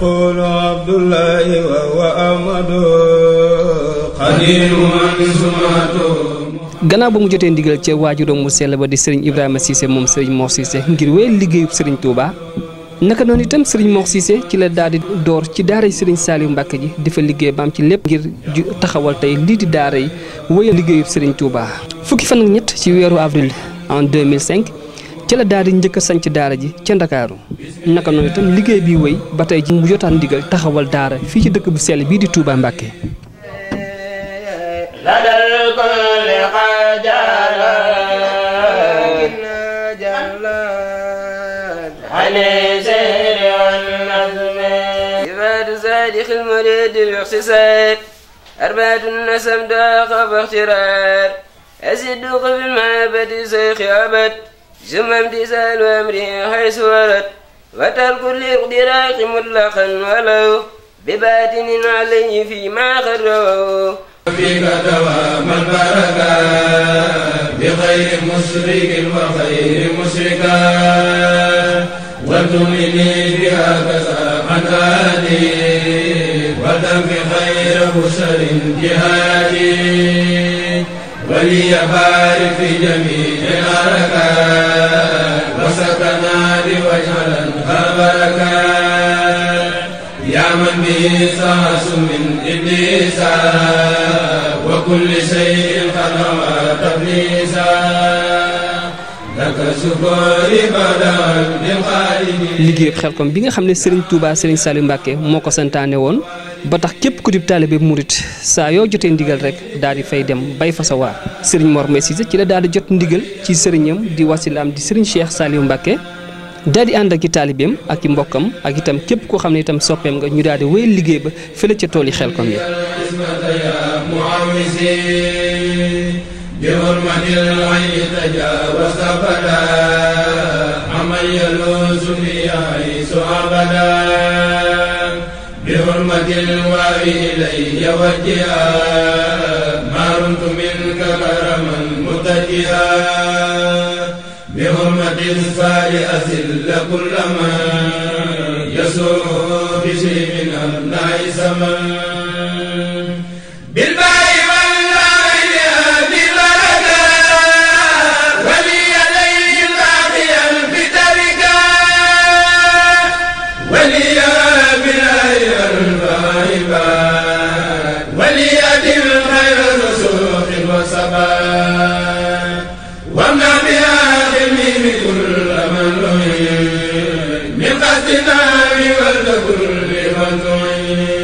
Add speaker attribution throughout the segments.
Speaker 1: يقول عبد الله وهو
Speaker 2: أحمد قديم سمته
Speaker 3: gannaaw ba mu jotee ndigal ca waajuram mu sell ba di sëriñ Ibrahima Cissé moom sëriñ Mor Cissé ngir wéy liggéeyub sëriñ Touba naka noon itam sëriñ Mor Cissé ci la daal di door ci daaray sëriñ Saliou Mbacke ji di fa liggéey baam ci lépp ngir taxawal tey lii di daara yi wéyal liggéeyub sëriñ Touba. fukki fan ak ñett ci weeru avril en 2005 ci la daal di njëkk a sanc daara ji ca ndakaaru naka noonu itam liggéey bi wéy ba ji mu jotaan ndigal taxawal daara fii ci dëkk bu sell bii di Touba Mbacke.
Speaker 4: أزيدك في المعبد شيخ أبد ثم امتثال أمره حيث ورد وترك الاقتراح مطلقا ولو بباطن عليه فيما غره
Speaker 2: فيك دوام البركة بغير مشرك وغير مشركا وتؤمني بهكذا مكاني وتنفي خير بشر جهادي وليبارك في جميع البركات وسكنا لوجعلا البركات يا من به ساس من إبليس وكل شيء قد تبليسا xel
Speaker 3: Xelkom bi nga xam ne Serigne Touba Serigne Saliou Mbacke moo ko sentaane woon ba tax képp ku dib taalibe murit saa yoo jotee ndigal rek daal di fay dem bay fa sa waar Serigne Mor Mbaye Cissé ci la daal di jot ndigal ci sëriñam di wasilaam di Serigne Cheikh Saliou Mbacke daal di ànd ak i taalibeem ak i mbokkam ak itam képp koo xam ne itam soppeem nga ñu daal di wéyal liggéey ba fële ca tool yi xel Xelkom yi بغرمة
Speaker 2: العين تجاوز فدا عمن يلوزني عيس أبدا بغرمة الوعي إلي وجها ما رمت منك كرما متجها بغرمة السار أسل كل من يسوء بشيء من النعيس من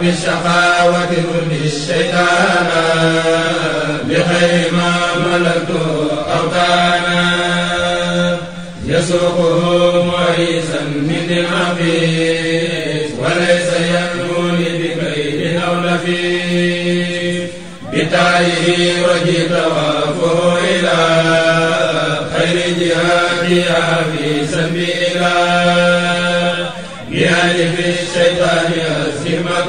Speaker 2: وبالشقاوة كل الشيطان بخير ما ملكت أوطانا يسوقه معيسا من العفيف وليس ينموني بكيد أو نفيف بتعيه رجيت وافه إلى خير جهادها في سبيل الله بألف الشيطان يسير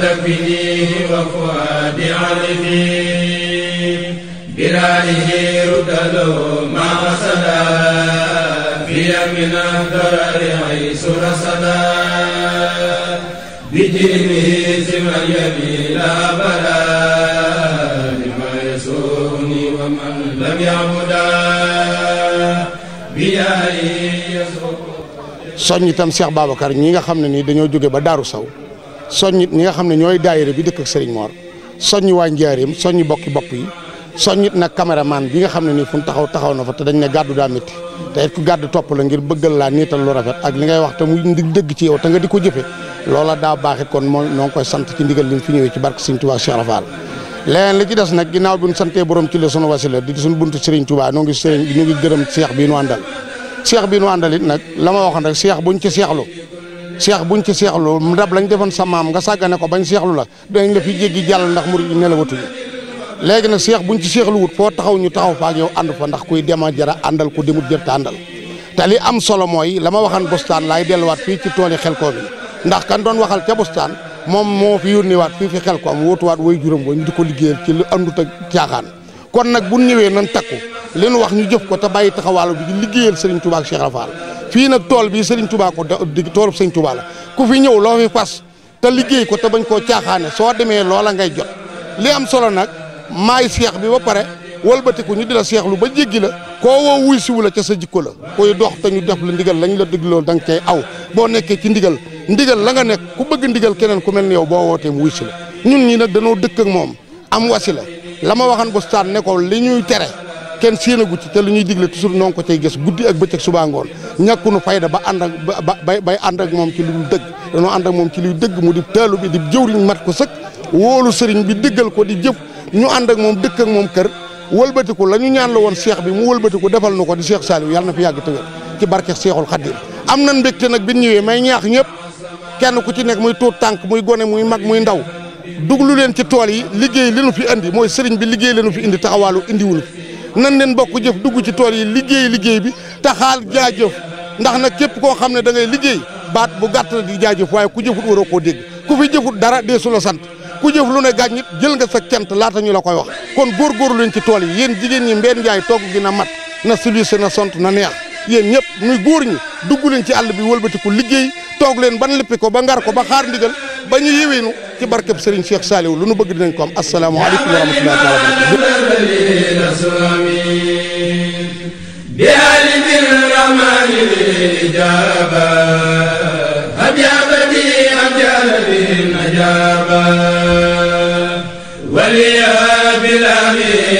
Speaker 2: وذبني وفؤاد عرفي برائه ردلوا مع سدا في من الضرر حيث رصدا بجرمه سوى اليمين لا بلا لما يسوغني ومن لم يعبدا بيائي يسوغ
Speaker 5: soññ itam Cheikh Babacar ñi nga xam ne nii dañoo jóge ba Daaru Saw soññit ñi nga xam ne ñooy daayira bi dëkk ak Serigne Mor soññ waa Njaareem soññ bokki bopp yi soññit nag caméraman bi nga xam ne nii fu mu taxaw taxaw na fa te dañ ne gàddu daa métti te it gàddu topp la ngir bëggal laa tal lu rafet ak li ngay wax te mu di dëgg ci yow te nga di ko jëfe loola daa baaxit kon moo noo koy sant ci ndigal li mu fi ñëwee ci barke Serigne Touba Cheikh Rafal leneen li ci des nag ginnaaw bi ñu santee borom ci la sunu wasila di sunu buntu Serigne Touba noo ngi Serigne ngi gërëm seex bii nu àndal seex nu àndal it la ma waxoon rek seex buñ ci seexlu seex buñ ci seexlu ndab lañu defoon sa maam nga sàggane ko ba bañ seexlu la dinañ la fi jéggi jàll ndax murid yi nelawatuñu léegi nag seex buñ ci seexlu wut foo taxaw ñu taxaw fa ak yow ànd fa ndax kuy dema jara àndal ku demut jër ta àndal te li am solo mooy la ma waxan bostaan laay delluwaat fii ci tool yi xel koom yi ndax kan doon waxal ca bostaan moom moo fi yónniwaat fii fi xel koom wóotuwaat way juróom wa ñu di ko liggéeyal ci lu andut ak caaxaan kon nag bu ñëwee nan takku li nu wax ñu jëf ko te bàyyi taxawaalu bi liggéeyal Serigne Touba ak Cheikh Rafal fii nag tool bi Serigne Touba ko di toolub Serigne Touba ku fi ñëw loo fi fas te liggéey ko te bañ koo caaxaane soo demee loola ngay jot li am solo nag maay seex bi ba pare walbatiku ñu di la seexlu ba jéggi la koo woo wuy siwu la ca sa jikko la koy dox te ñu def la ndigal lañ la digloo da nga cay aw boo nekkee ci ndigal ndigal la nga nekk ku bëgg ndigal keneen ku mel boo wootee mu wuy si la ñun ñi nag danoo dëkk ak moom am la la ma waxan bustaan ne li ñuy tere kenn séenagu ci te li ñuy digle toujours noo ko cay gis guddi ak bëccëg suba ngoon ñàkkunu fayda ba ànd ak ba bay bay ànd ak moom ci lu dul dëgg dañoo ànd ak moom ci luy dëgg mu di teelu bi di jëwriñ mat ko sëkk wóolu sëriñ bi diggal ko di jëf ñu ànd ak moom dëkk moom kër wëlbatiku la ñu ñaan la woon seex bi mu wëlbatiku defal nu ko di seex Saliou yàlla na fi yàgg tëwél ci barke seexul xaddim am na mbégte nag bi ñëwee may ñaax ñëpp kenn ku ci nekk muy tuut tànk muy gone muy mag muy ndaw duglu leen ci tool yi liggéey li nu fi andi mooy sëriñ bi liggéey leenu fi indi taxawaalu indiwul fi nan leen bokk jëf dugg ci tool yi liggéey liggéey bi taxaal jaajëf ndax nag képp koo xam ne da ngay liggéey baat bu gàtt la di jaajëf waaye ku jëfut waroo koo dégg ku fi jëfut dara dee su sant ku jëf lu ne gàñ nit jël nga sa cant laata ñu la koy wax kon góor leen ci tool yi yéen jigéen ñi mbeen njaay togg gi na mat na sulusi na sont na neex yéen ñëpp góor ñi dugg leen ci àll bi wëlbatiku liggéey toog leen ban lippi ko ba ngar ko ba xaar ndigal ba ñu yiwinu ci barkeb Serigne Cheikh Saliou lu nu bëgg dinañ ko am asalaamaaleykum wa rahmatullahi
Speaker 2: taala wa barakatuh.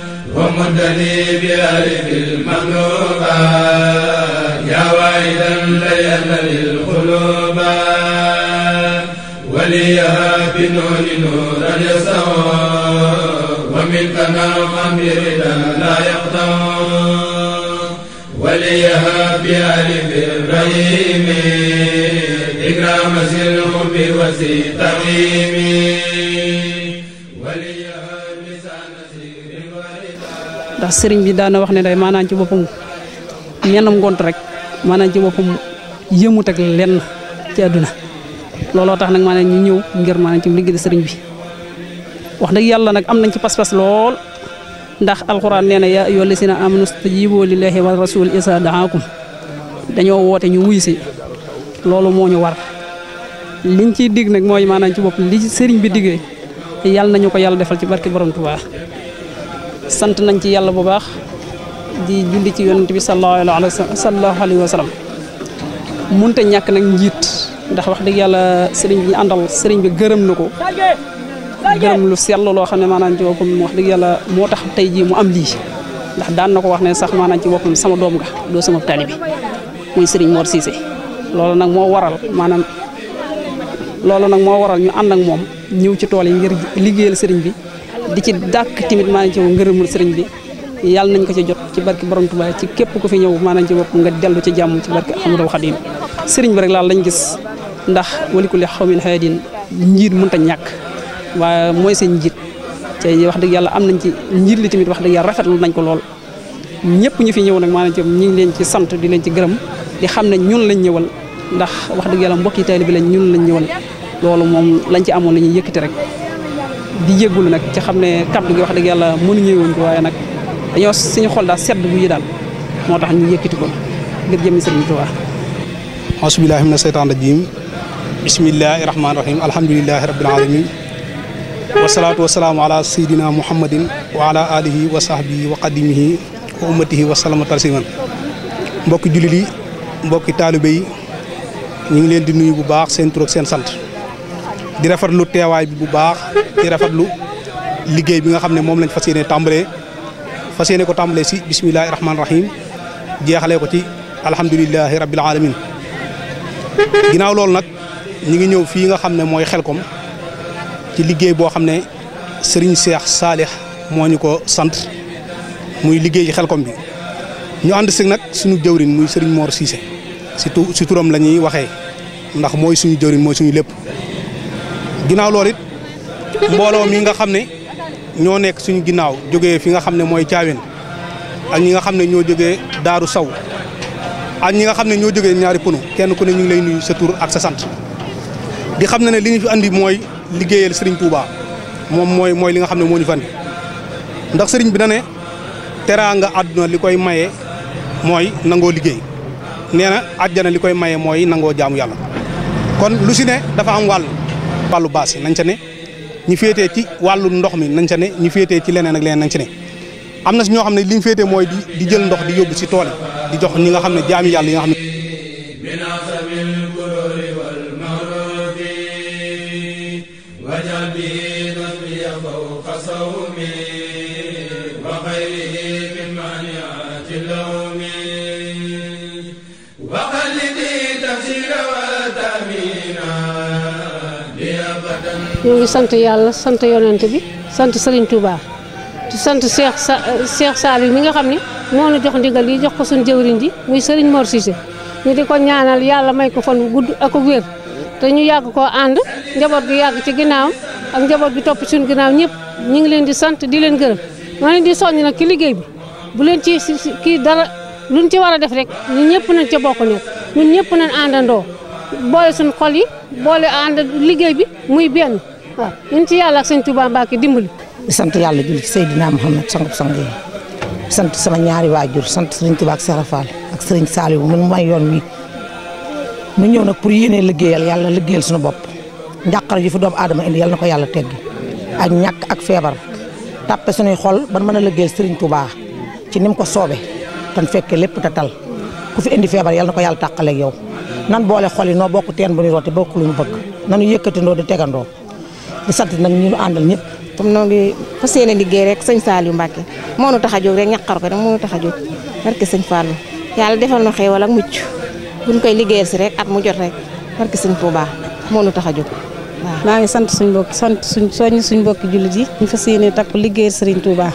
Speaker 2: ومدني بألف المغلوبة يا واعدا ليلا للقلوب وليها بنور نورا يسوى ومن تنامر لا يقطع وليها بألف الرحيم إكرام سلم بوسي تقييمي
Speaker 6: ndax sëriñ bi daana wax ne day maanaam ci boppam ñenam ngont rek maanaam ci boppam yëmut ak lenn ci àdduna looloo tax nag maanaam ñu ñëw ngir maanaam ci liggéey sëriñ bi wax dëgg yàlla nag am nañ ci pas-pas lool ndax alxuraan nee na yaa ayyuhal lazina aamanu stajiibu lillaahi wa rasul isaa daakum dañoo woote ñu wuy si loolu moo ñu war liñ ciy digg nag mooy maanaam ci bopp li sëriñ bi diggee yàlla nañu ko yàlla defal ci barki borom Tuubaa sant nañ ci yàlla bu baax di julli ci yonent bi sallallahu alayhi wa sallam munta ñàkk nag njiit ndax wax dëgg yàlla sëriñ bi ñu àndal sëriñ bi gërëm na ko gërëm lu sell loo xam ne maanaam ci boppam wax dëgg yàlla moo tax tey jii mu am lii ndax daan na ko wax ne sax maanaam ci boppam sama doom nga doo sama taalibe muy sëriñ Mor Cissé loolu nag moo waral maanaam loolu nag moo waral ñu ànd ak moom ñëw ci tool yi ngir liggéeyal sëriñ bi di ci dàq timit maanaam ci ngërëmul sëriñ bi yàlla nañ ko ci jot ci barke borom Tuubaa ci képp ku fi ñëw maanaam ci bopp nga dellu ci jàmm ci barke Ahmadul Xadim sëriñ bi rek laal lañ gis ndax walikuli xawmin haadin njiit mënta ñàkk waaye mooy seen njiit te wax dëgg yàlla am nañ ci njiit li tamit wax dëgg yàlla rafetlu nañ ko lool ñëpp ñu fi ñëw nag maanaam ci ñu ngi leen ci sant di leen ci gërëm di xam ne ñun lañ ñëwal ndax wax dëgg yàlla mbokki taalibe lañ ñun lañ ñëwal loolu moom lañ ci amoon la ñuy yëkkati rek di jéggulu nag ci xam ne kaddu gi wax dëgg yàlla mënuñu wuñ ko waaye nag dañoo suñu xol daal sedd bu daal moo tax ñu yëkkati ko ngir jëmi sëriñ Tuubaa
Speaker 7: asubillahi mina seytaan rajim bismillahi rahmaani rahim alhamdulilahi rabbil alamin wasalaatu wasalaamu muhammadin wa ala alihi wa sahbihi wa qadimihi wa ummatihi wa salama tasliman mbokki jullit mbokki taalibe ñu ngi leen di nuyu bu baax seen tur seen sant di rafet lu teewaay bi bu baax di rafetlu liggéey bi nga xam ne moom lañ fas yéene tàmbalee fas yéene ko tàmbalee si bisimilahi rahmaani rahim jeexalee ko ci alhamdulilahi rabil alamin ginnaaw loolu nag ñu ngi ñëw fii nga xam ne mooy xelkom ci liggéey boo xam ne Serigne Cheikh Salih moo ñu ko sant muy liggéey ci xelkom bi ñu ànd si nag suñu jëwrin muy Serigne moor Cissé surtout si turam la ñuy waxee ndax mooy suñu jëwrin mooy suñu lépp. ginnaaw loolu it mbooloo mi nga xam ne ñoo nekk suñu ginnaaw jógee fi nga xam ne mooy caaween ak ñi nga xam ne ñoo jógee daaru saw ak ñi nga xam ne ñoo jógee ñaari pono kenn ku ne ñu ngi lay nuyu sa tur ak sa sant di xam ne ne li ñu fi andi mooy liggéeyal Serigne Touba moom mooy mooy li nga xam ne moo ñu fi andi ndax sëriñ bi na ne teraanga àdduna li koy maye mooy nangoo liggéey nee na àjjana li koy maye mooy nangoo jaamu yàlla kon lu dafa am wàll. wàllu baas yi nañ ca ne ñu féetee ci wàllu ndox mi nañ ca ne ñu féetee ci leneen ak leneen nañ ca ne am na si ñoo xam ne li ñu féetee mooy di di jël ndox di yóbbu si tool di jox ñi nga xam ne jaami yàlla yi nga xam ne
Speaker 6: ñu ngi sant yàlla sant yonent bi sant Serigne Touba di sant Cheikh sa Cheikh Saliou mi nga xam ne moo ñu jox ndigal yi jox ko suñu jëwriñ ji muy Serigne Mor Cissé ñu di ko ñaanal yàlla may ko fan bu gudd ak wér te ñu yàgg ko ànd njaboot gi yàgg ci ginnaaw ak njaboot gi topp suñu ginnaaw ñëpp ñu ngi leen di sant di leen gërëm ma leen di soññ nag ki liggéey bi bu leen ci kii dara luñ ci war a def rek ñun ñëpp nañ ca bokk nekk ñun ñëpp nañ àndandoo boole suñu xol yi boole ànd liggéey bi muy benn waaw ñun ci yàlla ak sëñ Touba Mbacke dimbali.
Speaker 4: di sant yàlla julli ci Seydina Mouhamed sangub sang yi sant sama ñaari waajur sant sëriñ Touba ak Serap Fall ak sëriñ Saliou man may yoon wi nu ñëw nag pour yéenee liggéeyal yàlla liggéeyal suñu bopp njàqar ji fu doomu aadama indi yàlla na ko yàlla teggi ak ñàkk ak feebar tàppe suñuy xol ban mën a liggéeyal sëriñ Touba ci ni ko soobe tan fekke lépp te tal ku fi indi feebar yàlla na ko yàlla tàqaleeg yow nan boole xol yi noo bokk teen bu ñu roote bokk lu ñu bëgg nanu yëkkatindoo di tegandoo
Speaker 6: di sant nag ñu àndal ñëpp comme noo ngi fas liggéey rek saal yu Mbacke moo nu tax a jóg rek ñaqar ko rek moo nu tax a jóg barke sëñ Fallou yàlla defal na xéewal ak mucc buñ koy liggéeyal si rek at mu jot rek barke sëñ Touba moo nu tax a jóg waaw. maa ngi sant suñ mbokk sant suñ soññ suñ mbokki jullit yi ñu fas yéene takku liggéeyal Serigne Touba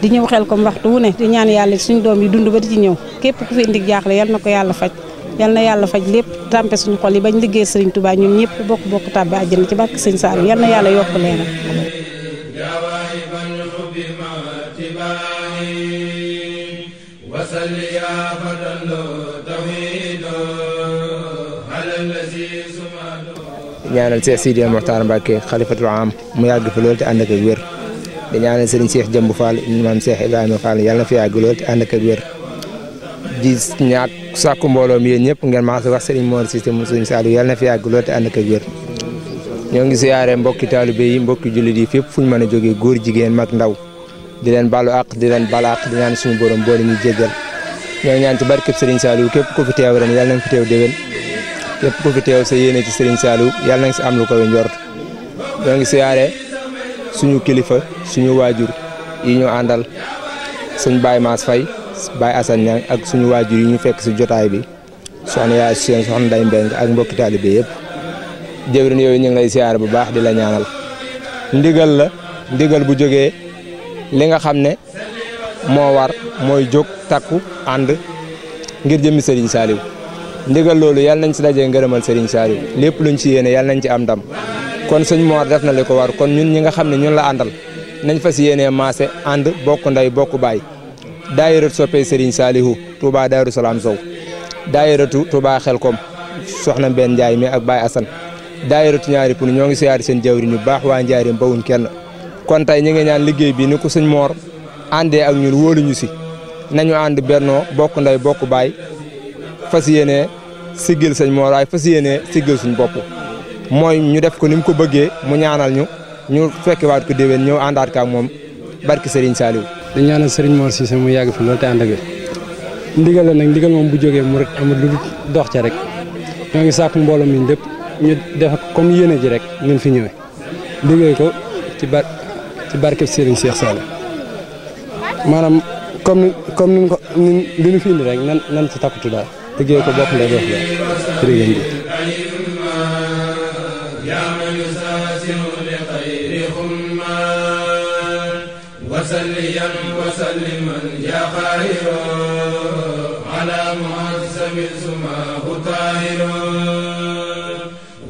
Speaker 6: di ñëw xel comme waxtu wu ne di ñaan yàlla suñ doom yi dund ba di ci ñëw képp ku fi indi jaaxle yal na ko yàlla faj yal na yàlla faj lépp tàmpe suñu xol yi bañ liggéey sëriñ Touba ñun ñëpp bokk-bokk tàbbi àjjana ci barke sëñ Saliou yal na yàlla yokk leeral
Speaker 1: ñaanal Cheikh Sidi Mokhtar Mbacke xalifatul mu yàgg fi loolu ti ànd ak wér di ñaanal Serigne Cheikh Jëmb Fall maam Cheikh Ibrahima Fall yàlla na fi yàgg loolu te ànd ak wér di ñaak sàkku mbooloo mi yéen ñëpp ngeen maas wax Serigne Mor Cissé mu Serigne Saliou yàlla na fi yàgg lool te ànd ak ñoo ngi siyaare mbokki taalibe yi mbokki jullit yi fépp fu ñu mën a jógee góor jigéen mag ndaw di leen baalu àq di leen baal àq di ñaan suñu borom boole ñu jéggal ñoo ñaan ci barkeb Serigne Saliou képp ku fi teew ren yàlla na fi teew déwén képp ku fi teew sa yéene ci Serigne Saliou yàlla na si am lu koy njort ñoo ngi siyaare suñu kilifa suñu yi ñu àndal suñ Baye Mass Baye Assane Niang ak suñu waajur yi ñu fekk si jotaay bi soxna yaay seen soxna Nday Mbeng ak mbokki taalibe yëpp jëwrin yooyu ñu ngi lay siyaar bu baax di la ñaanal ndigal la ndigal bu jógee li nga xam ne moo war mooy jóg takku ànd ngir jëmmi Serigne Saliou ndigal loolu yàlla nañ si dajee ngërëmal Serigne Saliou lépp luñ ci yéene yàlla nañ ci am ndam kon sëñ Mor def na li ko war kon ñun ñi nga xam ne ñun la àndal nañ fas yéenee maase ànd bokk nday bokk baay daayiratu soppee Serigne Salihu Touba Daaru Salaam Sow daayiratu Touba Xelkom soxna Mbène Ndiaye mi ak Baye Assane daayiratu ñaari punu ñoo ngi siyaari seen jawri ñu baax waa Ndiarème bawuñ kenn kon tey ñu ngi ñaan liggéey bi ni ko sëñ Moor àndee ak ñun wóoluñu si nañu ànd bennoo bokk nday bokk baay fas yéenee siggil sëñ Moor waaye fas yéenee siggil suñ bopp mooy ñu def ko ni mu ko bëggee mu ñaanal ñu ñu fekkiwaat ko déwén ñëw àndaat ka moom barki Serigne Saliou di ñaanal Serigne Mor Cissé mu yàgg fi loolu te ànd ak ndigal la nag ndigal moom bu jógee mu rek amul lu dox ca rek ñoo ngi sàkk mbooloo mi lépp ñu def comme yéene ji rek ñun fi ñëwee liggéey ko ci bar ci barkeb Serigne Cheikh Sall maanaam comme comme ni ko ni ñu fi indi rek nan nan ci takkutu daal liggéey ko bokk na def la
Speaker 2: وسلما يا خير على معزم سماه طاهر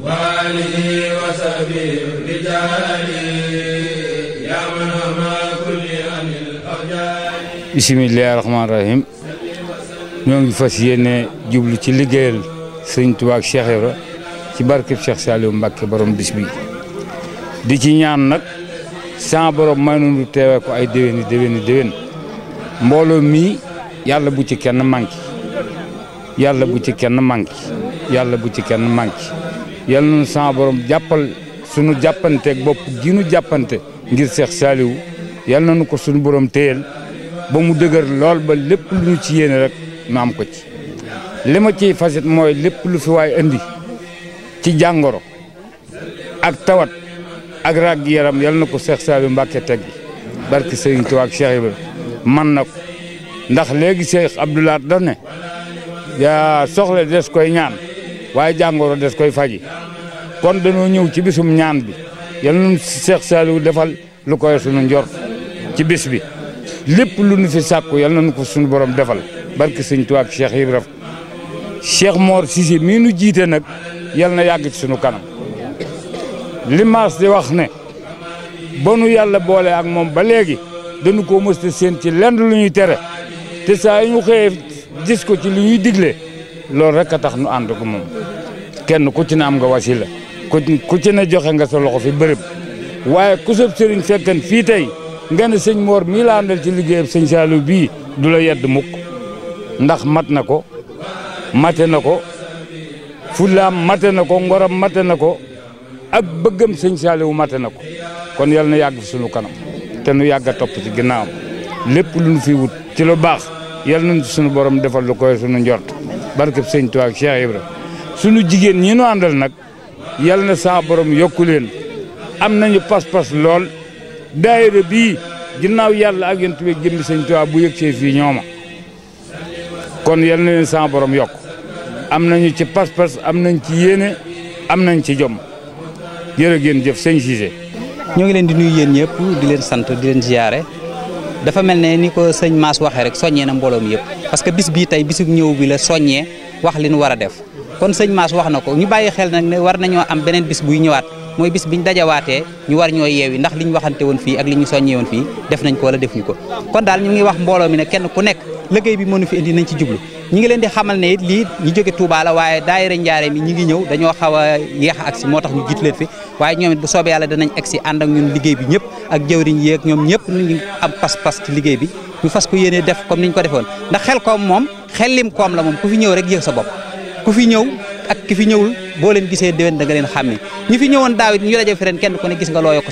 Speaker 2: وآله وصحبه الرجال يا من هما كل عن الأرجال
Speaker 8: بسم الله الرحمن الرحيم ñoo ngi fas yéene jublu ci liggéeyal sëñ Tuubaa ak Cheikh Ibra ci barkeb Cheikh Saliou Mbacke borom bis bi di ci ñaan nag sans borom may nu ñu teewee ko ay déwéni déwéni déwén mbooloo mii yàlla bu ci kenn manqué yàlla bu ci kenn manqué yàlla bu ci kenn manqué yàlla nu sans borom jàppal sunu jàppanteeg bopp giinu jàppante ngir Seex Saaliwu yàlla nañu ko sunu borom téyel ba mu dëgër lool ba lépp lu ñu ci yéene rek nu am ko ci li ma ciy fasit mooy lépp lu fi waay indi ci jàngoro ak tawat ak ràgg yaram yal na ko Cheikh Saliou Mbacké teg barki sëñ Touba ak Cheikh Ibrahima man na ko ndax léegi Cheikh Abdoulaat da ne yaa soxla des koy ñaan waaye jàngoro des koy faji kon dañoo ñëw ci bisum ñaan bi yal nañu Cheikh Saliou defal lu koy sunu njor ci bis bi lépp lu nu fi sàkku yal nañu ko sunu borom defal barki Serigne Touba ak Cheikh Ibrahima Cheikh Mor Cissé mii nu jiite nag yal na yàgg ci sunu kanam. li maas di wax ne ba nu yàlla boole ak moom ba léegi dañu ko mës a ci lenn lu ñuy tere te saa yu ñu xëyee gis ko ci lu ñuy digle loolu rek a tax nu ànd ko moom kenn ku ci ne am nga wasila ku ci ne joxe nga sa loxo fi bërëb waaye ku sëb sëriñ fekkan fii tey nga ne sëñ Mor mii la àndal ci liggéeyam sëñ Saliou bii du la yedd mukk ndax mat na ko mate na ko fu fullaam mate na ko ngoram mate na ko ab bëggam sëñ Saliou mate na ko kon yal na yàgg fi kanam te nu yàgg a topp ci ginnaawam lépp lu nu fi wut ci lu baax yal nañ sunu borom defal lu koy sunu njort barkeb sëñ Tuubaa ak Cheikh Ibra sunu jigéen ñi nu àndal nag yal na saa borom yokku leen am nañu pas-pas lool daayira bii ginnaaw yàlla ak yonent bi jëmmi sëñ Tuubaa bu yëg see fii ñooma kon yal na leen saa borom yokk am nañu ci pas-pas am nañ ci yéene am nañ ci jom jërë ngeen jëf sëñ Cissé. ñoo ngi leen di nuyu yéen ñëpp di leen sant di leen ziyaare dafa mel ne ni ko
Speaker 9: sëñ Mass waxee rek soññee na mbooloo mi yëpp parce que bis bii tey bisu ñëw bi la soññee wax li ñu war a def kon sëñ maas wax na ko ñu bàyyi xel nag ne war nañoo am beneen bis buy ñëwaat mooy bis bi biñ dajawaatee ñu war ñoo yeewi ndax li ñu waxante woon fii ak li ñu soññee woon fii def nañ ko wala defuñ ko kon daal ñu ngi wax mbooloo ne kenn ku liggéey bi mënu fi indi nañ ci jublu ñi ngi leen di xamal ne it lii ñu jóge Touba waaye daayira njaare mi ñi ngi ñëw dañoo xaw a yeex a agsi moo tax ñu jiit leen fi waaye ñoom bu soobee yàlla danañ agsi ànd ak ñun liggéey bi ñëpp ak jëwriñ yi ak ñoom ñëpp ñu am pas-pas ci liggéey bi ñu fas ko yéenee def comme niñ ko defoon ndax xel koom moom xellim koom la moom ku fi ñëw rek yëg sa bopp ku fi ñëw ak ki fi ñëwul boo leen gisee déwén da leen xàmme ñi fi ñëwoon daaw it ñu rajo fi ren kenn ku ne gis nga loo yokk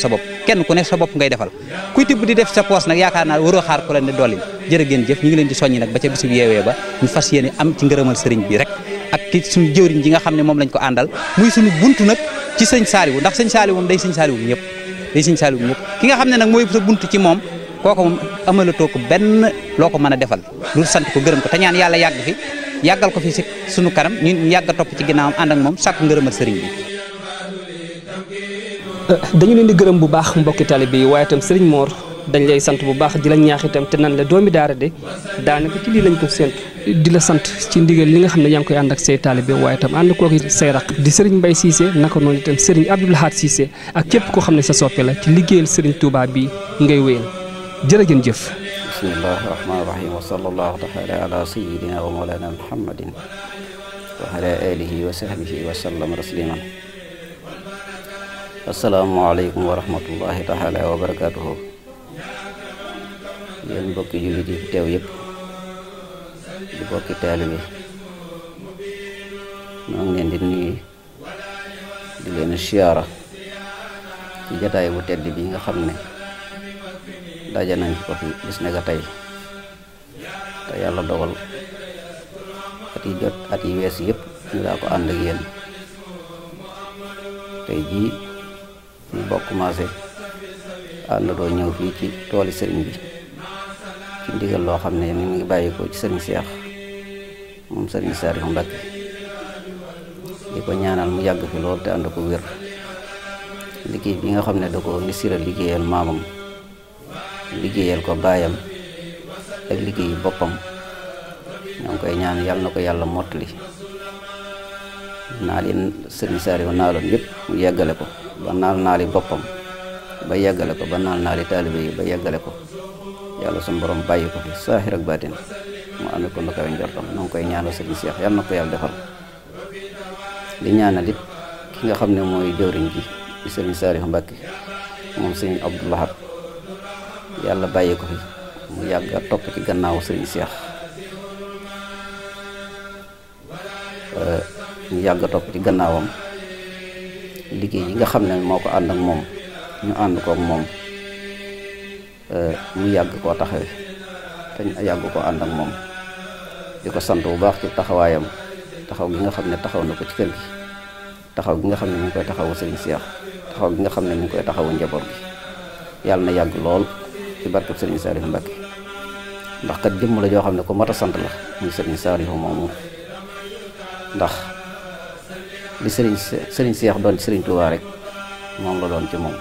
Speaker 9: kenn ku ne sa ngay defal kuy tibb di def sa poos nag yaakaar naa waroo xaar ku leen di dolli jërë ngeen jëf ñu ngi leen di nag ba ca bisub yeewee ba ñu fas yéene am ci ngërëmal sëriñ bi rek ak ki suñu jëwriñ ji nga xam ne moom lañ ko àndal muy suñu buntu nag ci sëñ saaliwu ndax sëñ saaliwu moom day sëñ saaliwu ñëpp day sëñ saaliwu ñëpp nga xam ne nag mooy sa buntu ci moom kooku moom amalatoo ko benn loo ko mën a defal lu sant ko gërëm ko yàlla yàgg fi yàggal ko fi si sunu kanam ñu yàgg topp ci ginnaawam ànd ak moom sàkku ngërëmal sëriñ bi.
Speaker 3: Eh, dañu leen di gërëm bu baax mbokki taalibe yi waaye itam sëriñ moor dañ lay sant bu baax di la ñaax itam te nan la doomi daara de daanaka lii lañ ko séntu. di la sant ci ndigal li nga xam ne yaa ngi koy ànd ak say taalibe waaye itam ànd kooku say raq di sëriñ Mbaye Cissé naka noonu itam sëriñ Abdou Lahad Cissé ak képp koo xam ne sa soppe la ci liggéeyal sëriñ Touba bi ngay wéyal jëf
Speaker 10: bismillahi rahmaani rahim wa sallallahu taala ala sayidina wa mawlana muhammadin wa ala alihi wa sahbihi wa sallam tasliman assalaamu aleykum wa rahmatullahi taala wa barakatuhu yéen mbokki jullit yi teew di bokki taalibe noo ngi di leen siyaara ci jataay bu tedd bi nga xam ne daje nañ ko fi bis ne ka tey te yàlla dowal at yi jot at yi wees yëpp ñu daa ko ànd ak yéen tey jii ñu bokk commencé àndandoo ñëw fii ci tooli sëriñ bi ci ndigal loo xam ne mi ngi bàyyi ko ci sëriñ Seex moom sëriñ Saaliu Mbàkke di ko ñaanal mu yàgg fi lool te ànd ko wér liggéey bi nga xam ne da ko nisira liggéeyal maamam liggéeyal ko baayam ak liggéeyu boppam ñoo ngi koy ñaan yàlla na ko yàlla mottali naal yi sëriñ Saliou naaloon yëpp mu yeggale ko ba naal naali boppam ba yeggale ko ba naal naali taalibe yi ba yeggale ko yàlla suñu borom bàyyi ko fi saaxir baatin mu amee ko lu kawe njortam ñoo ngi koy ñaan sëriñ Cheikh yàlla na ko yàlla defal di ñaanal it ki nga xam ne mooy jëwriñ ji di sëriñ Saliou Mbacke moom sëriñ Abdou Lahad yàlla bàyyi ko fi mu yàgg a topp ci gannaaw sëriñ Seex euh, mu yàgg a topp ci gannaawam liggéey yi nga xam ne moo ko ànd ak moom ñu ànd kook moom euh, mu yàgg koo taxawe te yàgg koo ànd ak moom di ko sant bu baax ci taxawaayam taxaw gi nga xam ne taxaw na ko ci kër gi taxaw gi nga xam ne mi ngi koy taxawu sëriñ Seex taxaw gi nga xam ne mi ngi koy taxawu njaboot gi yàlla na yàgg lool ci barkeb sëriñ Saalihu Mbàkke ndax kat jëmm la joo xam ne ko mat a sant la muy sëriñ Saalihu moomu ndax li sëriñ sëriñ Seex doon ci sëriñ Tuubaa rek moom la doon ci moom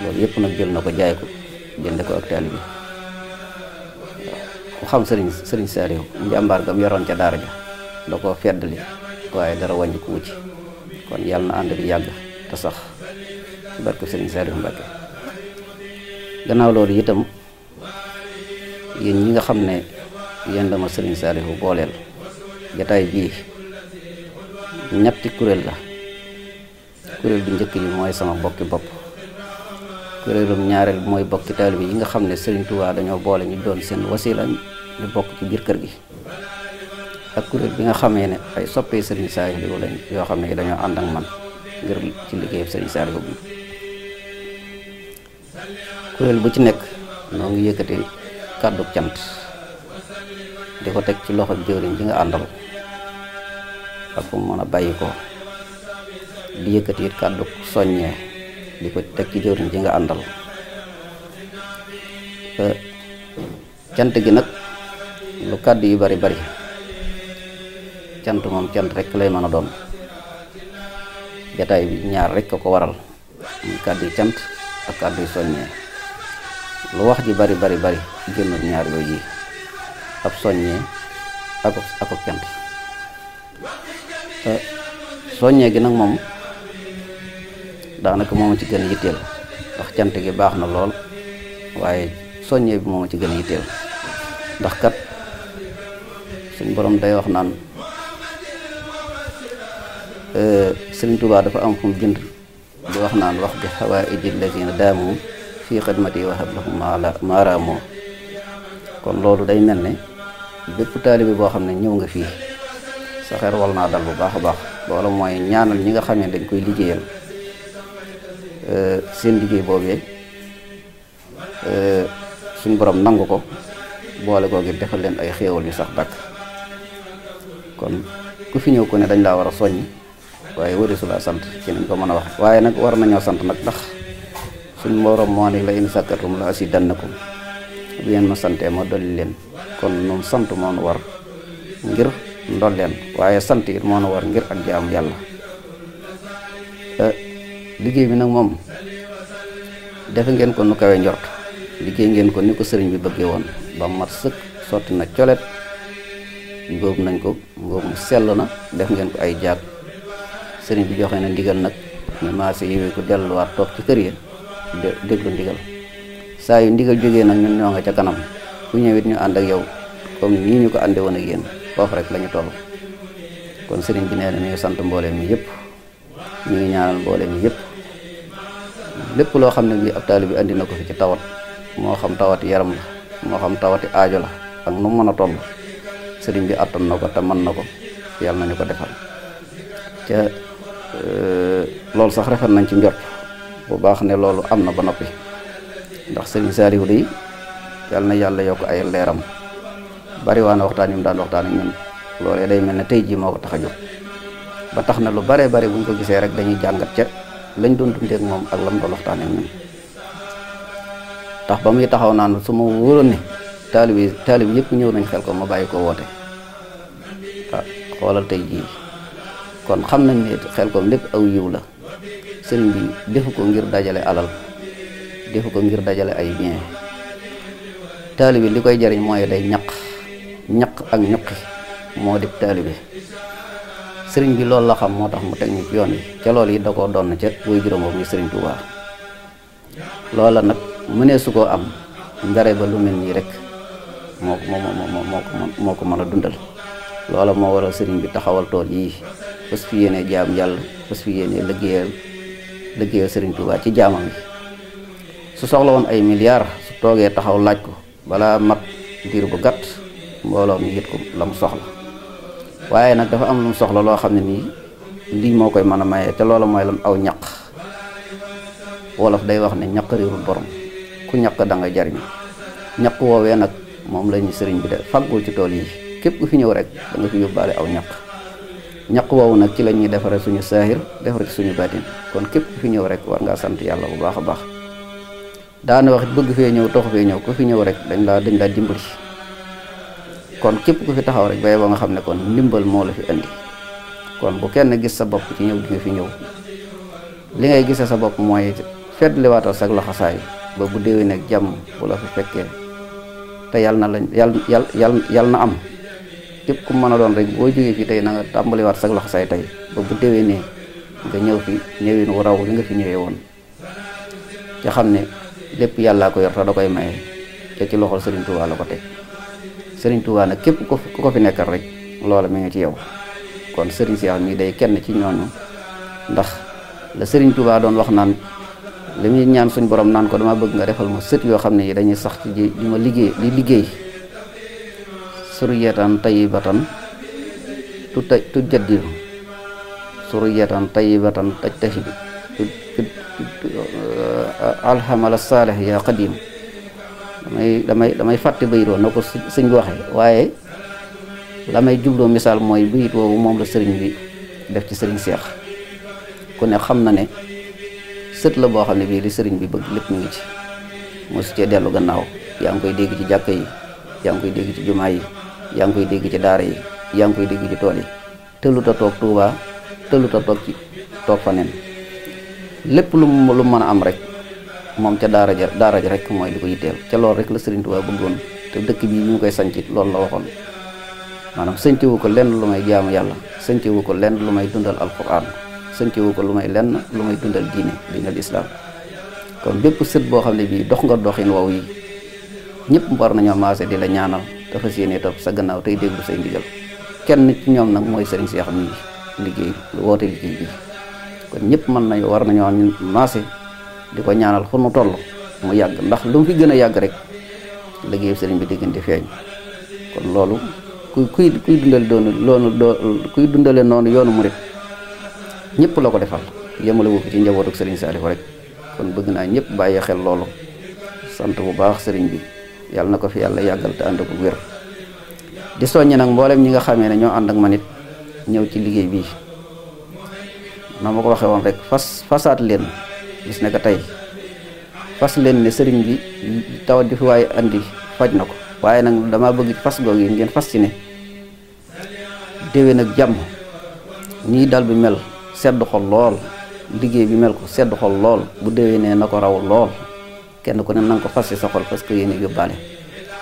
Speaker 10: loolu yëpp nag jël na ko jaay ko jënde ko ak taalibe ku xam sëriñ sëriñ Saalihu njàmbaar gam yoroon ca daara ja da koo feddali waaye dara wàññi ko ci kon yàlla na ànd bi yàgg te sax ci barkeb sëriñ Saalihu Mbàkke gannaaw loolu itam yéen ñi nga xam ne yéen dama Serigne Saliou booleel jataay jii ñetti kuréel la kuréel bu njëkk yi mooy sama bokki bopp kuréelum ñaareel bi mooy bokki taalibe yi nga xam ne Serigne Touba dañoo boole ñu doon seen wasila ñu bokk ci biir kër gi ak kuréel bi nga xamee ne ay soppee Serigne Saliou lañ yoo xam ne dañoo ànd ak man ngir ci liggéeyam Serigne Saliou bi kuréel bu ci nekk noo ngi yëkkati kàddu cant di ko teg ci loxo jëwriñ ji nga àndal ak fu mën a bàyyi ko di yëkkati it kàddu soññee di ko teg ci jëwriñ ji nga àndal cant gi nag lu kàddu yu bari bari cant moom cant rek lay mën a doon jataay bi ñaar rek ko ko waral muy kàddu cant ak kàddu soññee lu wax ji bari bari bari génnul ñaar yooyu yi ab soññee ak ak cant eh, soññee gi nag moom daanaka moom ci gën a yitteel ndax cant gi baax na lool waaye soññee bi moom ci gën a yitteel ndax kat suñ borom day wax naan eh, Sëriñ Tuubaa dafa am fu mu bind di wax naan wax bi xawaa ijil lazina daamu fii xidmati wa hab lahum maaraamoo kon loolu day mel ne bépp taalibe boo xam ne ñëw nga fii sa xer naa dal bu baax a baax loolu mooy ñaanal ñi nga xam ne dañ koy liggéeyal euh, seen liggéey boobee euh, suñ boroom nangu ko boole koo gi defal leen ay xéewal yu sax dàkk kon ku fi ñëw ko ne dañ laa war a soññ waaye wëri su laa sant ci ko mën a wax waaye nag war nañoo sant nag ndax suñ borom moo ne la in sakartum la azidannakum bu ngeen ma santee ma dolli leen kon noonu sant moo nu war ngir ndolleen waaye sant it moo nu war ngir ak jaamu yàlla eh, liggéey bi nag moom defe ngeen ko nu kawee njort liggéey ngeen ko ni ko sëriñ bi bëggee woon ba mat sëkk sotti na colet ngóob nañ ko ngóob mu sell na def ngeen ko ay jaag sëriñ bi joxe na ndigal nag ñu maase yi ko delluwaat toog ci kër yi déglu ndigal saa yu ndigal jógee nag ñun ñoo nga ca kanam ku ñëwit ñu ànd ak yow comme nii ñu ko ànde woon ak yéen foofu rek lañu ñu toll kon sëriñ bi nee na sant mbooleem mi yëpp ñu ngi ñaanal mbooleem mi yëpp lépp loo xam ne li ab taalibe bi andi na ko fi ci tawat moo xam tawati yaram la moo xam tawati aajo la ak nu mën a toll sëriñ bi attan na ko te mën na ko yàlla nañu ko defal ca euh, loolu sax rafet nañ ci njort bu baax ne loolu am na ba noppi ndax sëriñ Saaliw di yàlla na yàlla yokk ay leeram bari waa na waxtaan yi mu daan waxtaan ak day mel na tey jii moo ko tax a jóg ba tax na lu baree bari bu ñu ko gisee rek dañuy jàngat ca lañ doon dundee moom ak lam doon waxtaan ak ñun tax ba muy taxaw naan su ma wóoroon ne taalib yi yëpp ñëw nañ xel ko ma bàyyi ko woote waaw ah, xoolal tey jii kon xam nañ ne xel koom lépp aw yiw la sëriñ bi defu ko ngir dajale alal defu ko ngir dajale ay bien taalibe li koy jariñ mooy day ñaq ñaq ak ñuqi moo di taalibe sëriñ bi lool la xam moo tax mu teg ñu ci yoon yi ca loolu yi da koo doon ca booy juróom boobu muy sëriñ Tuubaa loola nag mënee su koo am ndare ba lu mel nii rek moo ko moo moo moo ko mën a dundal loola moo waral sëriñ bi taxawal tool yii fas fi yéene jaam yàlla fas fi yéene liggéeyal liggéeyal sëriñ Touba ci jaamam yi su soxla woon ay milliards su toogee taxaw laaj ko balaa mat diir bu gàtt mbooloo mi yit ko la mu soxla waaye nag dafa am lu mu soxla loo xam ne nii lii moo koy mën a maye te loola mooy lam aw ñaq wolof day wax ne ñaq réerul borom ku ñaq da nga jariñ ñaq woowee nag moom lañuy sëriñ bi de fàggul ci tool yi képp ku fi ñëw rek da nga fi yóbbaale aw ñaq ñaq woowu nag ci la ñuy defare suñu saahir defare ci suñu baatin kon képp ku fi ñëw rek war ngaa sant yàlla bu baax a baax daana wax bëgg fee ñëw toxu fee ñëw ku fi ñëw rek dañ laa dañ laa dimbali kon képp ku fi taxaw rek baye ba nga xam ne kon ndimbal moo la fi andi kon bu kenn gis sa bopp ci ñëw gi fi ñëw li ngay gisee sa bopp mooy feddliwaatal sag laxasaay ba bu déwénee ak jàmm bu la fi fekkee te yàlla na lañ yàlla yàlla yàlla na am képp ku mën a doon rek boo jógee fii tey na nga tàmbaliwaat sag loxo say tey ba bu déwee ne nga ñëw fi ñëwin wu raw li nga fi ñëwee woon ca xam ne lépp yàllaa ko yor te da koy maye ca ci loxol Serigne Touba la ko teg sëriñ Touba nag képp ku ko fi nekkal rek loola mu ngi ci yow kon sëriñ Cheikh mii day kenn ci ñooñu ndax la sëriñ Touba doon wax naan li muy ñaan suñ borom naan ko dama bëgg nga defal ma sët yoo xam ne yi dañuy sax ci di ma liggéey di liggéey suriyatan tayyibatan tu tujaddidu suriyatan tayyibatan tajtahidu uh, alhamala saalih ya qadim damay damay damay fàtte bayit woo na ko sëñ waxee waaye la may jubloo misaal mooy bayit woowu moom la sëriñ bi def ci sëriñ Seex ku ne xam na ne sët la boo xam ne bii li sëriñ bi bëgg lépp mu ngi ci mosu cee dellu gannaaw yaa ngi koy dégg ci jàkka yi yaa ngi koy dégg ci jumaa yi yaa ngi koy dégg ci daara yi yaa ngi koy dégg ci tool yi tëllut toog Touba tëllut a toog ci toog fa nen lépp lu mu lu mën a am rek moom ca daara ja daara ja rek mooy li ko yitteel ca loolu rek la Serigne Touba bëggoon te dëkk bi bi mu koy sañcit loolu la waxoon maanaam sëntewu ko lenn lu may jaamu yàlla sëntewu ko lenn lu may dundal alquran sëntewu ko lu may lenn lu may dundal diine diinal islam kon bépp sët boo xam ne bii dox nga doxin wow yi ñëpp war nañoo maase di la ñaanal te fas yéene topp sa gannaaw tey déglu say ndigal kenn ci ñoom nag mooy sëriñ si yoo xam ne liggéey woote liggéey kon ñëpp mën nañu war nañoo ñu maase di ko ñaanal fu nu toll mu yàgg ndax lu mu fi gën a yàgg rek liggéey sëriñ bi diggante feeñ kon loolu kuy kuy kuy dundal doonu loonu doo kuy dundale noonu yoonu mu rek ñëpp la ko defal yemale wu ko ci njabootu sëriñ Saliou rek kon bëgg naa ñëpp bàyyi xel loolu sant bu baax sëriñ bi yàlla na ko fi yàlla yàggal te ànd ak wér di soññi nag mbooleem ñi nga xamee ne ñoo ànd ak man it ñëw ci liggéey bii na ma ko waxee woon rek fas fasaat leen gis ne ko tey fas leen ne sëriñ bi taw ji fi waaye andi faj na ko waaye nag damaa bëgg fas goog yi ngeen fas ci ne déwén ak jàmm nii dal bi mel sedd xol lool liggéey bi mel ko sedd xol lool bu déwénee na ko raw lool kenn ku ne na ko fas ci sa xol parce que yéen yóbbaale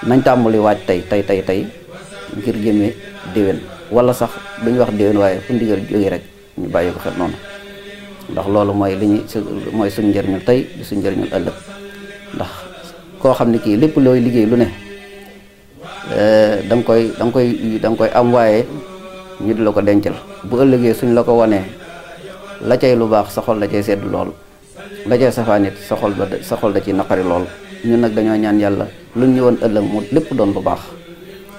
Speaker 10: nañ tàmbali waaj tey tey tey tey ngir jëmee déwén wala sax duñu wax déwén waaye fu ndigal jógee rek ñu bàyyi ko xel noonu ndax loolu mooy li ñu mooy suñ njëriñul tey di suñ njëriñul ëllëg ndax koo xam ne kii lépp looy liggéey lu ne eh, da nga koy da koy da nga koy am waaye ñu di la ko dencal bu ëllëgee suñ la ko wanee la cay lu baax sa xol la cay sedd lool la ca safaan it sa xol ba sa xol da ci naqari lool ñu nag dañoo ñaan yàlla lu ñu woon ëllëg mu lépp doon lu baax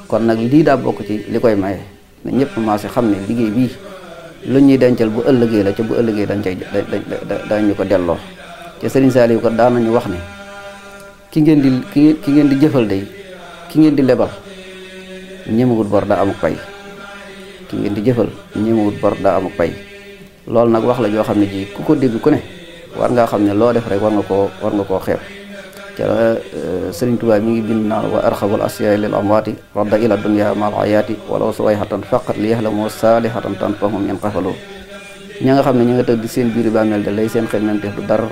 Speaker 10: kon nag lii daa bokk ci li koy maye na ñëpp maase xam ne liggéey bii lu ñuy dencal bu ëllëgee la ca bu ëllëgee dañ cay dañu ko delloo ca sëriñ Saliou ko daan nañu wax ni ki ngeen di ki ngeen di jëfal day ki ngeen di lebal ñemewut bor daa amuk pay ki ngeen di jëfal ñemewut bor daa amuk pay loolu nag wax la joo xam ne ji ku ko dégg ku war ngaa xam ne loo def rek war nga koo war nga koo xeeb ca euh, sëriñ Tuubaa mi ngi bind naan wa arxabul asyaa lil amwaati radda ila dunya mal ayaati walaw suwayhatan faqat li yahlamu saalihatan tan fahum yanqafaloo ña nga xam ne ña nga tëdd seen biir bàmmeel de lay seen xel nante du dara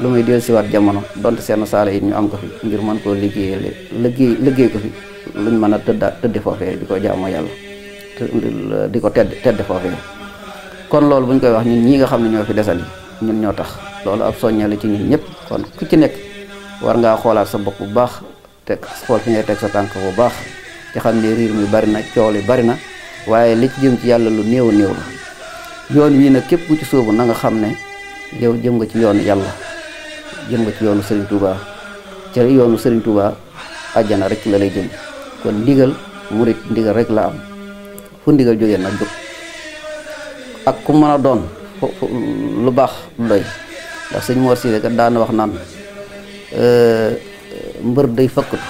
Speaker 10: lu muy del siwaat jamono dont seen saala yi ñu am ko fi ngir mën koo liggéeyal liggéey liggéey ko fi luñ mën a tëdda tëdde foofee di ko jaamoo yàlla di ko tedd tedd foofee kon loolu buñ koy wax ñun ñi nga xam ne ñoo fi desal yi ñun ñoo tax loolu ab soññee ci ñun ñëpp kon ku ci nekk war ngaa xoolaat sa bopp bu baax teg xool fi ngay teg sa tànk bu baax ci xam ne riir mi bari na coow li bari na waaye li ci jëm ci yàlla lu néew néew la yoon wii nag képp ku ci sóobu na nga xam ne yow jëm ci yoonu yàlla jëm ci yoonu Serigne Touba ci yoonu Serigne Touba àjjana rek la lay jëm kon ndigal murit ndigal rek la am fu ndigal jógee nag jóg ak ku mën a doon. lu baax lu ndax sëñ Mor Siré kat daana wax naan euh, mbër day fëkkatu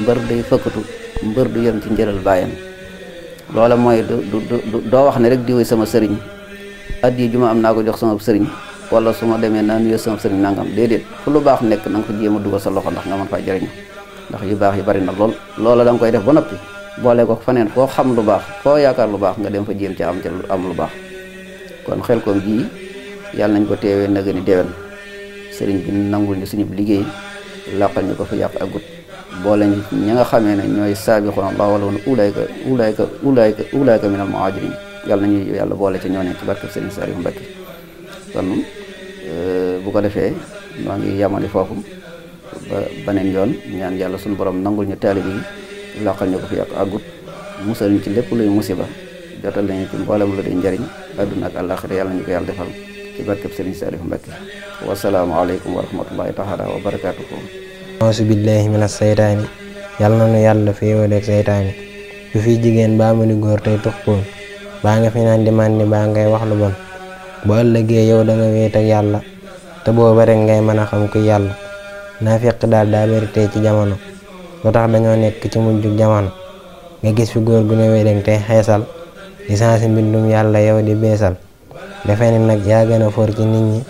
Speaker 10: mbër day fëkkatu mbër du yem ci njëral bàyyam loola mooy du du doo wax ne rek di sama sëriñ at yi ju ma am naa ko jox sama sëriñ wala su ma demee naa nuyoo sama sëriñ nangam déedéet fu lu baax nekk na nga ko jéem a dugal sa loxo ndax nga mën faa jëriñu ndax yu baax yu bari na lool loola da koy def ba noppi boole ko faneen foo xam lu baax foo yaakaar lu baax nga dem fa jéem ci am ca am baax kon xel koom gii yàlla nañ ko teewee na gën a déwén sëriñ bi nangul ñu suñu liggéey làqal ñu ko fa yàq agut boole ñu ñi nga xamee ne ñooy saabiqoon la wala woon ulayka ulayka ulayka ulayka min al muhajirin yàlla nañu yàlla boole ci ñoo ne ci barke sëriñ Saliou Mbacké kon euh, bu ko defee maa ngi yamali foofu ba beneen yoon ñaan yàlla suñu borom nangul ñu taalibe yi làqal ñu ko fi yàq agut musal ñu ci lépp luy musiba jotal lañu ci mboolem lu di njariñ àdduna ak àllaaxira yàlla ñu ko yàlla defal ci barkeb Sëriñ Saalihu Mbakke wasalaamu aleykum wa rahmatullahi taala wa barakaatuhu
Speaker 4: asu seytaani yàlla na nu yàlla féewaleeg seytaani su fi jigéen baa mu di góor tey tux poon baa nga fi naan di màndi baa ngay wax lu bon bu ëllëgee yow da nga wéet yàlla te boo rek ngay mën a xam ku yàlla naa fekk daal daa bëri tey ci jamono lu tax dañoo nekk ci mujjug jamono nga gis fi góor gu ne wéedeeg tey xeesal di sansi mbindum yàlla yow di beesal defee ne nag yaa gën a for ci nit ñi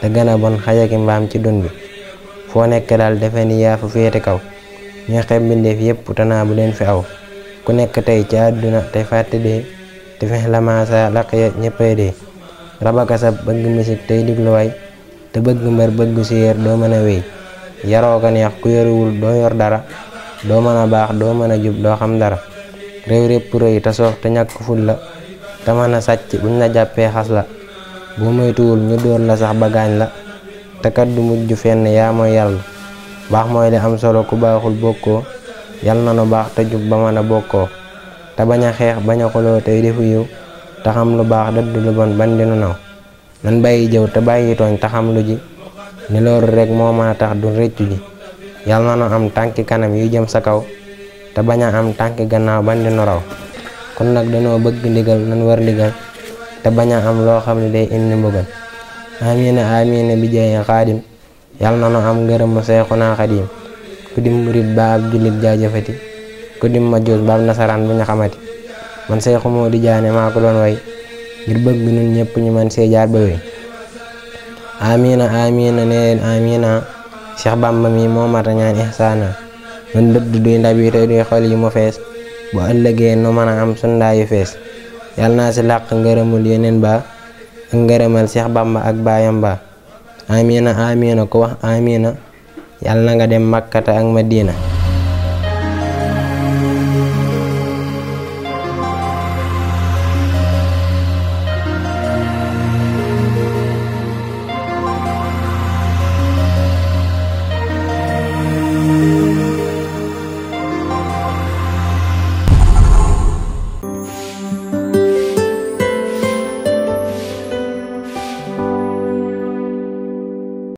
Speaker 4: te gën a bon xajaki mbaam ci dun foo nekk daal defee ni yaa fa féete kaw ñu xeb mbindeef yépp tanaa bu leen fi aw ku nekk tey ci àdduna te fàtte dee te fex lamaasa laq ya ñëppay dee rabakasab bëgg misik tey digluwaay te bëgg mbër bëgg séer doo mën a wéy yaroo ko neex ku yoruwul doo yor dara doo mën a baax doo mën a jub doo xam dara réew répp rëy te soof te ñàkk ful la te mën a sàcc buñ la jàppee xas la boo moytuwul ñu dóor la sax bagaañ la te kat du mujj fenn yaa mooy yàlla baax mooy li am solo ku baaxul bokkoo yal na nu baax te jub ba mën a bokkoo te bañ a xeex bañ a xoloo tey defu yiw te xam lu baax dëddu lu bon ban dinu naw nan bàyyi jëw te bàyyi tooñ te xam ji ni loolu rek moo mën a tax du rëccu ji yal na nu am tànki kanam yi jëm sa kaw te bañ a am tànk gannaaw ban di noraw kon nag danoo bëgg ndigal nan war ndigal te bañ a am loo xam ne day indi mbugal amina amina bi xaadim yàlla na nu am ngërëm mu seexunaa xaadim ku di murit ba ab jullit jaajëfati ku di majuus ba ab nasaraan bu ñu xamati man seexu moo di jaane maa ko doon way ngir bëgg nun ñëpp man see jaar ba wey amina amina nee leen amina Cheikh Bamba mi moo mata ñaan ihsaana man dëdd duy ndabite duy xol yi mu fees bu ëllëgee nu mën a am sundaayu fees yàlla naa si làq ngërëmul yeneen ba ak ngërëmal Seex Bàmba ak baayam ba amina amina ku wax amina yàlla na nga dem màkkata ak Madina